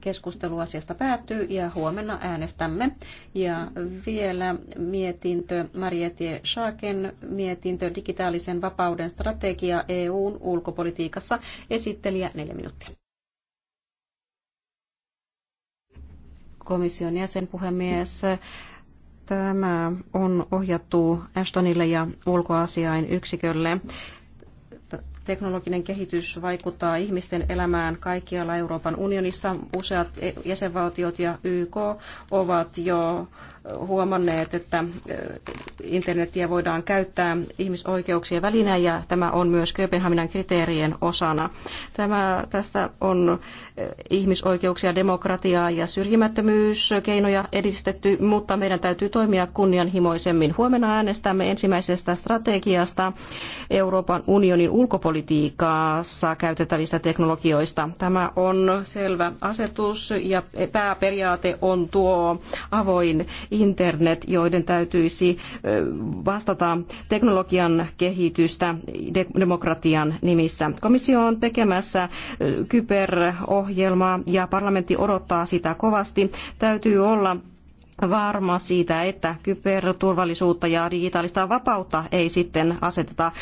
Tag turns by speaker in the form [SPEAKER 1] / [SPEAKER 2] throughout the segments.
[SPEAKER 1] Keskustelu asiasta päättyy ja huomenna äänestämme. Ja vielä mietintö Marietje Schaken mietintö digitaalisen vapauden strategia EUn ulkopolitiikassa. Esittelijä neljä minuuttia. Komission jäsenpuhemies. Tämä on ohjattu Ashtonille ja ulkoasiain yksikölle. Teknologinen kehitys vaikuttaa ihmisten elämään kaikkialla Euroopan unionissa. Useat e- jäsenvaltiot ja YK ovat jo huomanneet, että e, internetiä voidaan käyttää ihmisoikeuksien välinä ja tämä on myös Kööpenhaminan kriteerien osana. Tämä, tässä on e, ihmisoikeuksia, demokratiaa ja syrjimättömyyskeinoja edistetty, mutta meidän täytyy toimia kunnianhimoisemmin. Huomenna äänestämme ensimmäisestä strategiasta Euroopan unionin ulkopuolella politiikassa käytettävistä teknologioista. Tämä on selvä asetus ja pääperiaate on tuo avoin internet, joiden täytyisi vastata teknologian kehitystä demokratian nimissä. Komissio on tekemässä kyberohjelmaa ja parlamentti odottaa sitä kovasti. Täytyy olla varma siitä, että kyberturvallisuutta ja digitaalista vapautta ei sitten aseteta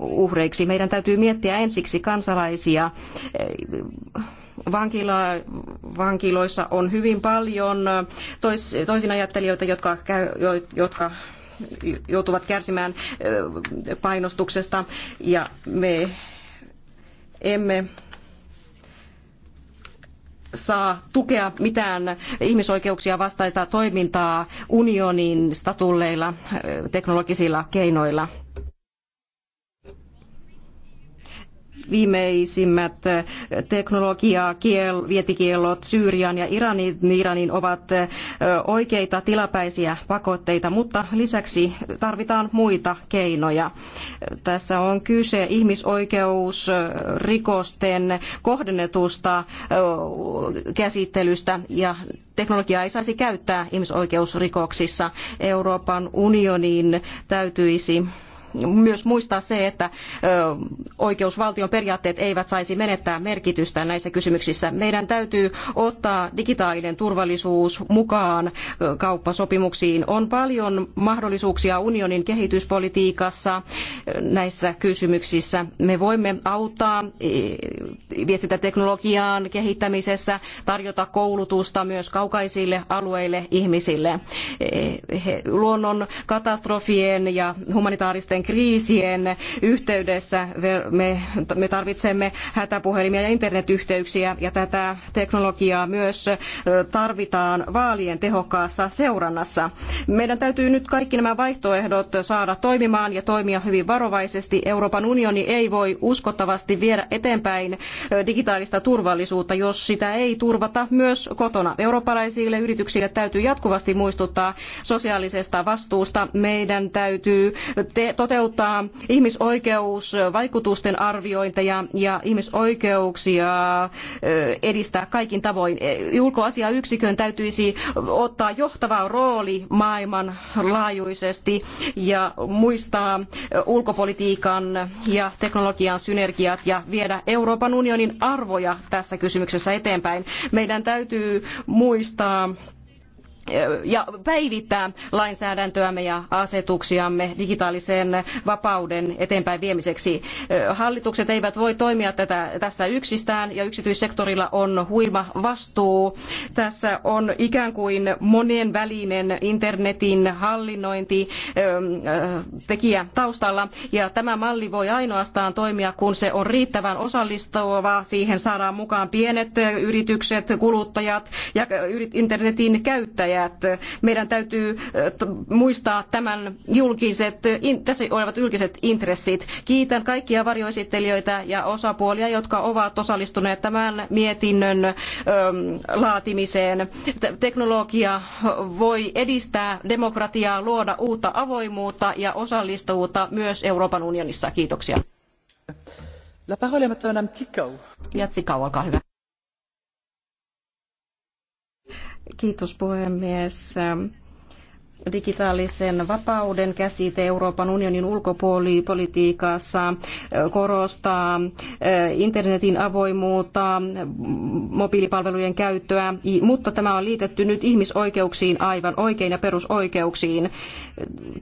[SPEAKER 1] uhreiksi. Meidän täytyy miettiä ensiksi kansalaisia. Vankila, vankiloissa on hyvin paljon tois, toisinajattelijoita, jotka, käy, jotka joutuvat kärsimään painostuksesta ja me emme saa tukea mitään ihmisoikeuksia vastaista toimintaa unionin statulleilla eh, teknologisilla keinoilla. viimeisimmät eh, teknologia, kiel, vietikiellot Syyrian ja Iranin, Iranin ovat eh, oikeita tilapäisiä pakotteita, mutta lisäksi tarvitaan muita keinoja. Tässä on kyse ihmisoikeusrikosten kohdennetusta eh, käsittelystä ja teknologiaa ei saisi käyttää ihmisoikeusrikoksissa. Euroopan unionin täytyisi myös muistaa se, että oikeusvaltion periaatteet eivät saisi menettää merkitystä näissä kysymyksissä. Meidän täytyy ottaa digitaalinen turvallisuus mukaan kauppasopimuksiin. On paljon mahdollisuuksia unionin kehityspolitiikassa näissä kysymyksissä. Me voimme auttaa e, viestintäteknologiaan kehittämisessä, tarjota koulutusta myös kaukaisille alueille ihmisille. E, he, luonnon katastrofien ja humanitaaristen kriisien yhteydessä me tarvitsemme hätäpuhelimia ja internetyhteyksiä ja tätä teknologiaa myös tarvitaan vaalien tehokkaassa seurannassa. Meidän täytyy nyt kaikki nämä vaihtoehdot saada toimimaan ja toimia hyvin varovaisesti. Euroopan unioni ei voi uskottavasti viedä eteenpäin digitaalista turvallisuutta, jos sitä ei turvata myös kotona. Eurooppalaisille yrityksille täytyy jatkuvasti muistuttaa sosiaalisesta vastuusta. Meidän täytyy te- toteuttaa ihmisoikeusvaikutusten arviointeja ja ihmisoikeuksia edistää kaikin tavoin. Ulkoasiayksikön täytyisi ottaa johtava rooli maailmanlaajuisesti ja muistaa ulkopolitiikan ja teknologian synergiat ja viedä Euroopan unionin arvoja tässä kysymyksessä eteenpäin. Meidän täytyy muistaa ja päivittää lainsäädäntöämme ja asetuksiamme digitaalisen vapauden eteenpäin viemiseksi. Hallitukset eivät voi toimia tätä, tässä yksistään ja yksityissektorilla on huima vastuu. Tässä on ikään kuin monien välinen internetin hallinnointi ähm, äh, tekijä taustalla ja tämä malli voi ainoastaan toimia, kun se on riittävän osallistava. Siihen saadaan mukaan pienet yritykset, kuluttajat ja internetin käyttäjät tärkeät. Meidän täytyy muistaa tämän julkiset, tässä olevat julkiset intressit. Kiitän kaikkia varjoesittelijöitä ja osapuolia, jotka ovat osallistuneet tämän mietinnön laatimiseen. Teknologia voi edistää demokratiaa, luoda uutta avoimuutta ja osallistuvuutta myös Euroopan unionissa. Kiitoksia. La parole est maintenant à Madame Tikau. Tikau, olkaa hyvä. Kiitos puhemies digitaalisen vapauden käsite Euroopan unionin ulkopuolipolitiikassa korostaa internetin avoimuutta, mobiilipalvelujen käyttöä, mutta tämä on liitetty nyt ihmisoikeuksiin aivan oikein ja perusoikeuksiin.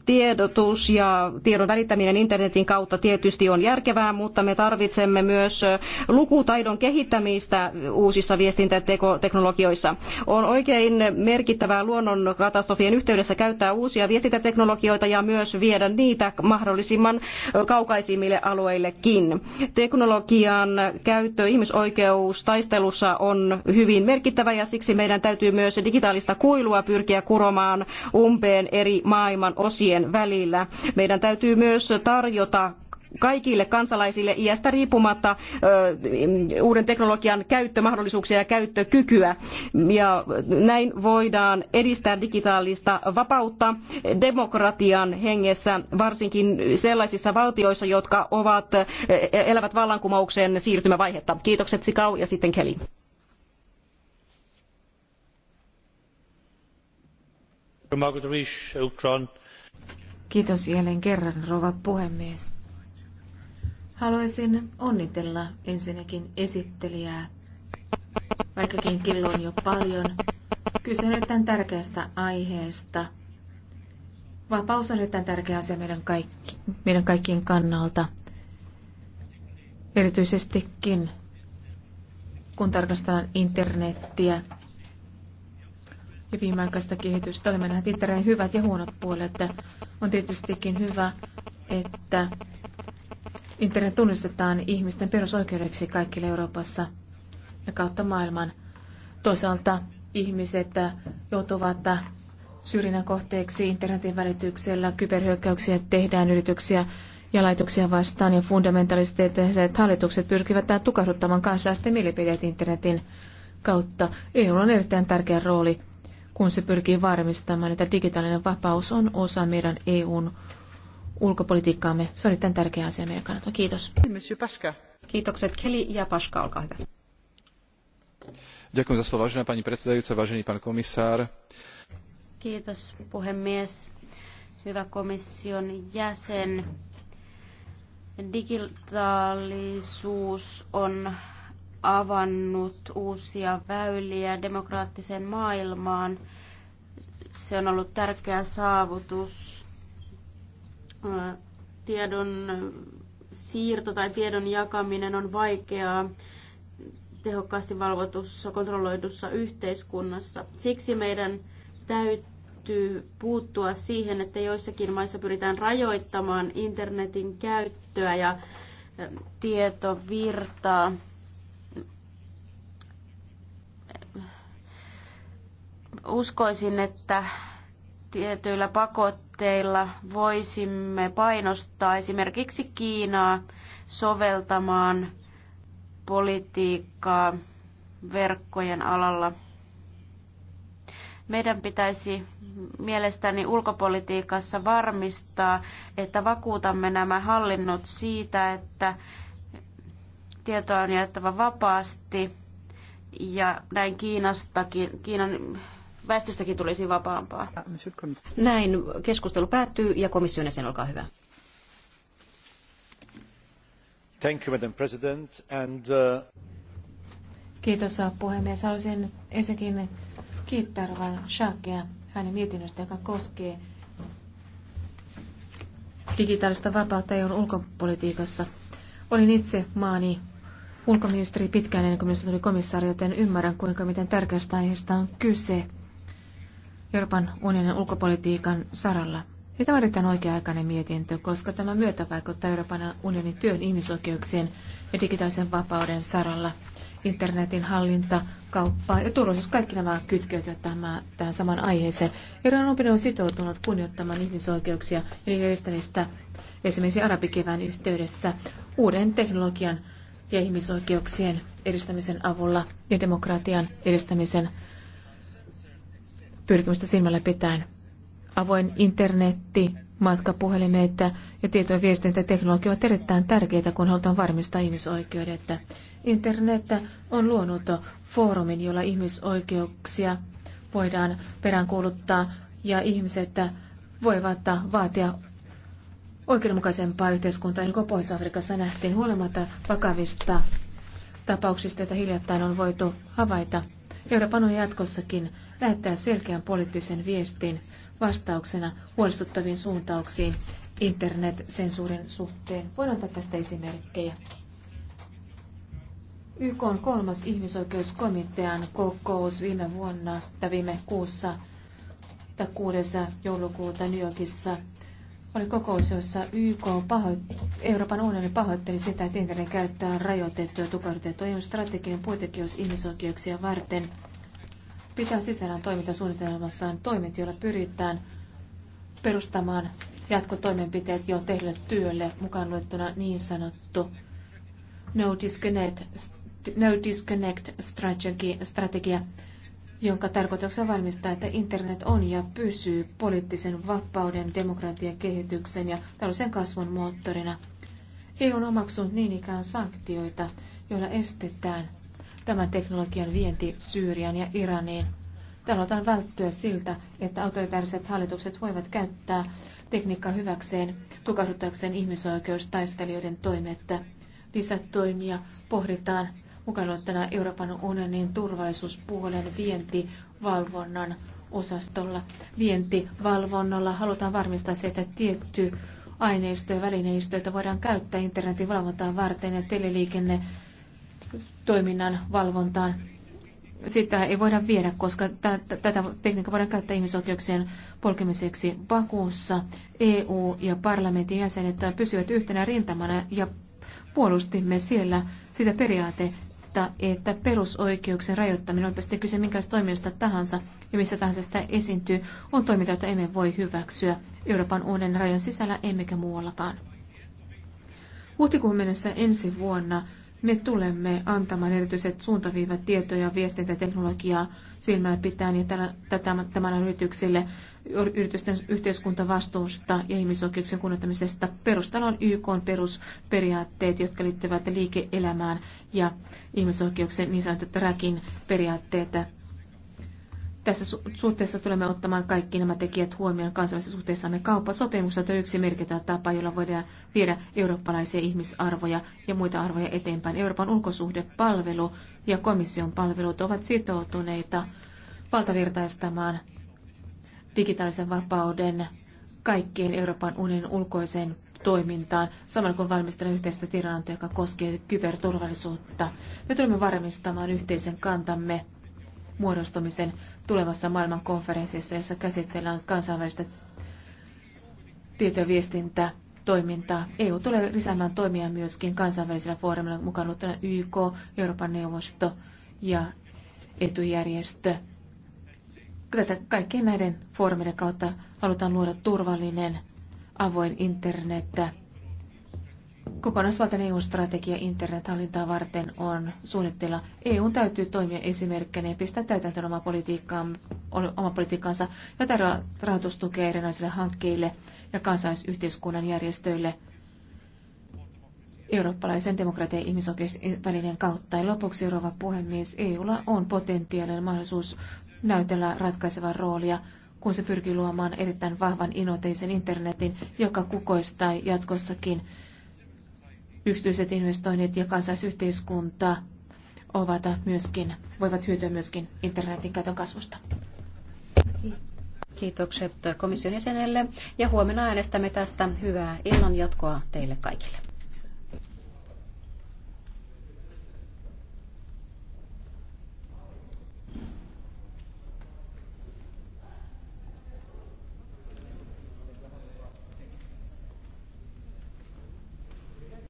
[SPEAKER 1] Tiedotus ja tiedon välittäminen internetin kautta tietysti on järkevää, mutta me tarvitsemme myös lukutaidon kehittämistä uusissa viestintäteknologioissa. On oikein merkittävää luonnonkatastrofien yhteydessä käyttää uusia viestintäteknologioita ja myös viedä niitä mahdollisimman kaukaisimmille alueillekin. Teknologian käyttö ihmisoikeustaistelussa on hyvin merkittävä ja siksi meidän täytyy myös digitaalista kuilua pyrkiä kuromaan umpeen eri maailman osien välillä. Meidän täytyy myös tarjota kaikille kansalaisille iästä riippumatta uuden teknologian käyttömahdollisuuksia ja käyttökykyä. Ja näin voidaan edistää digitaalista vapautta demokratian hengessä, varsinkin sellaisissa valtioissa, jotka ovat, elävät vallankumouksen siirtymävaihetta. Kiitokset Sikau ja sitten Kelly.
[SPEAKER 2] Kiitos jälleen kerran, rouva puhemies. Haluaisin onnitella ensinnäkin esittelijää, vaikkakin kello on jo paljon. Kyse on erittäin tärkeästä aiheesta. Vapaus on erittäin tärkeä asia meidän, kaikki, meidän kaikkien kannalta. Erityisestikin, kun tarkastellaan internettiä ja viimeaikaista kehitystä, olemme nähneet internetin hyvät ja huonot puolet. On tietystikin hyvä, että Internet tunnistetaan ihmisten perusoikeudeksi kaikille Euroopassa ja kautta maailman. Toisaalta ihmiset äh, joutuvat äh, syrjinnän kohteeksi internetin välityksellä, kyberhyökkäyksiä tehdään yrityksiä ja laitoksia vastaan ja fundamentalistiset hallitukset pyrkivät äh, tukahduttamaan kansalaisten mielipiteet internetin kautta. EU on erittäin tärkeä rooli, kun se pyrkii varmistamaan, että digitaalinen vapaus on osa meidän EUn ulkopolitiikkaamme. Se on erittäin tärkeä asia meidän kannalta. Kiitos. Kiitokset Keli ja Paska, olkaa hyvä. Ďakujem za slovo, vážená pani predsedajúca, vážený pán komisár.
[SPEAKER 3] Kiitos puhemies. Hyvä komission jäsen. Digitaalisuus on avannut uusia väyliä demokraattiseen maailmaan. Se on ollut tärkeä saavutus tiedon siirto tai tiedon jakaminen on vaikeaa tehokkaasti valvotussa, kontrolloidussa yhteiskunnassa. Siksi meidän täytyy puuttua siihen, että joissakin maissa pyritään rajoittamaan internetin käyttöä ja tietovirtaa. Uskoisin, että tietyillä pakotteilla voisimme painostaa esimerkiksi Kiinaa soveltamaan politiikkaa verkkojen alalla. Meidän pitäisi mielestäni ulkopolitiikassa varmistaa, että vakuutamme nämä hallinnot siitä, että tietoa on jaettava vapaasti ja näin Kiinastakin, Kiinan väestöstäkin tulisi vapaampaa.
[SPEAKER 2] Näin
[SPEAKER 1] keskustelu päättyy ja komission jäsen, olkaa hyvä. Thank you, Madam President. And, uh...
[SPEAKER 2] Kiitos uh, puhemies. Haluaisin ensinnäkin kiittää Rova Shakia hänen mietinnöstä, joka koskee digitaalista vapautta EUn ulkopolitiikassa. Olin itse maani ulkoministeri pitkään ennen kuin minusta tuli komissaari, joten ymmärrän kuinka miten tärkeästä aiheesta on kyse. Euroopan unionin ulkopolitiikan saralla. Ja tämä on erittäin oikea-aikainen mietintö, koska tämä myötä vaikuttaa Euroopan unionin työn ihmisoikeuksien ja digitaalisen vapauden saralla. Internetin hallinta, kauppa ja turvallisuus, kaikki nämä kytkeytyvät tämän, tähän saman aiheeseen. Euroopan unioni on sitoutunut kunnioittamaan ihmisoikeuksia ja niiden edistämistä esimerkiksi arabikevään yhteydessä uuden teknologian ja ihmisoikeuksien edistämisen avulla ja demokratian edistämisen pyrkimystä silmällä pitäen. Avoin internetti, matkapuhelimet ja tieto- ja viestintäteknologia ovat erittäin tärkeitä, kun halutaan varmistaa ihmisoikeudet. Internet on luonut foorumin, jolla ihmisoikeuksia voidaan peräänkuuluttaa ja ihmiset voivat vaatia oikeudenmukaisempaa yhteiskuntaa, niin kuin Pohjois-Afrikassa nähtiin huolimatta vakavista tapauksista, joita hiljattain on voitu havaita. Euroopan on jatkossakin lähettää selkeän poliittisen viestin vastauksena huolestuttaviin suuntauksiin internetsensuurin suhteen. Voin antaa tästä esimerkkejä. YK on kolmas ihmisoikeuskomitean kokous viime vuonna tai viime kuussa tai 6. joulukuuta New Yorkissa oli kokous, jossa YK pahoit- Euroopan unioni pahoitteli sitä, että internet käyttää rajoitettu ja tukahdutettua. EUn strateginen puitekijys ihmisoikeuksia varten – pitää sisällään toimintasuunnitelmassaan toimet, joilla pyritään perustamaan jatkotoimenpiteet jo tehdylle työlle, mukaan luettuna niin sanottu no disconnect, no disconnect strategy, strategia, jonka tarkoituksena on varmistaa, että internet on ja pysyy poliittisen vapauden, demokratian kehityksen ja taloudellisen kasvun moottorina. EU on omaksunut niin ikään sanktioita, joilla estetään – tämän teknologian vienti Syyrian ja Iraniin. Halutaan välttyä siltä, että autoritaariset hallitukset voivat käyttää tekniikkaa hyväkseen tukahduttaakseen ihmisoikeustaistelijoiden toimetta. Lisätoimia pohditaan mukaan luettuna Euroopan unionin turvallisuuspuolen vientivalvonnan osastolla. Vientivalvonnalla halutaan varmistaa se, että tietty aineisto ja välineistö, voidaan käyttää internetin valvontaan varten ja teleliikenne toiminnan valvontaan. Sitä ei voida viedä, koska tätä tekniikkaa voidaan käyttää ihmisoikeuksien polkemiseksi Bakuussa. EU ja parlamentin jäsenet pysyvät yhtenä rintamana ja puolustimme siellä sitä periaatetta, että perusoikeuksien rajoittaminen, olipa sitten kyse minkälaista toiminnasta tahansa ja missä tahansa sitä esiintyy, on toiminta, jota emme voi hyväksyä Euroopan uuden rajan sisällä emmekä muuallakaan. Huhtikuun mennessä ensi vuonna me tulemme antamaan erityiset suuntaviivat tietoja ja viestintäteknologiaa silmällä pitäen ja tämän yrityksille yritysten yhteiskuntavastuusta ja ihmisoikeuksien kunnioittamisesta. Perustana on YK perusperiaatteet, jotka liittyvät liike-elämään ja ihmisoikeuksien niin sanotut räkin periaatteet. Tässä suhteessa tulemme ottamaan kaikki nämä tekijät huomioon kansainvälisessä suhteessamme. Kauppasopimus on yksi merkittävä tapa, jolla voidaan viedä eurooppalaisia ihmisarvoja ja muita arvoja eteenpäin. Euroopan ulkosuhdepalvelu ja komission palvelut ovat sitoutuneita valtavirtaistamaan digitaalisen vapauden kaikkien Euroopan unionin ulkoiseen toimintaan, samalla kun valmistellaan yhteistä tiedonantoa, joka koskee kyberturvallisuutta. Me tulemme varmistamaan yhteisen kantamme muodostumisen tulevassa maailmankonferenssissa, jossa käsitellään kansainvälistä tieto- ja viestintätoimintaa. EU tulee lisäämään toimia myöskin kansainvälisillä foorumilla mukaan luettuna YK, Euroopan neuvosto ja etujärjestö. Tätä kaikkien näiden foorumien kautta halutaan luoda turvallinen avoin internet Kokonaisvaltainen EU-strategia internethallintaa varten on suunnitteilla. EUn täytyy toimia esimerkkinä ja pistää täytäntöön oma, oma politiikkaansa ja tarjota rahoitustukea erinäisille hankkeille ja kansalaisyhteiskunnan järjestöille eurooppalaisen demokratian ja ihmisoikeusvälineen kautta. Ja lopuksi, Euroopan puhemies, EUlla on potentiaalinen mahdollisuus näytellä ratkaisevaa roolia kun se pyrkii luomaan erittäin vahvan inoteisen internetin, joka kukoistaa jatkossakin yksityiset investoinnit ja kansalaisyhteiskunta ovat myöskin, voivat hyötyä myöskin internetin käytön kasvusta. Kiitokset komission jäsenelle
[SPEAKER 1] ja huomenna äänestämme tästä hyvää illan jatkoa teille kaikille.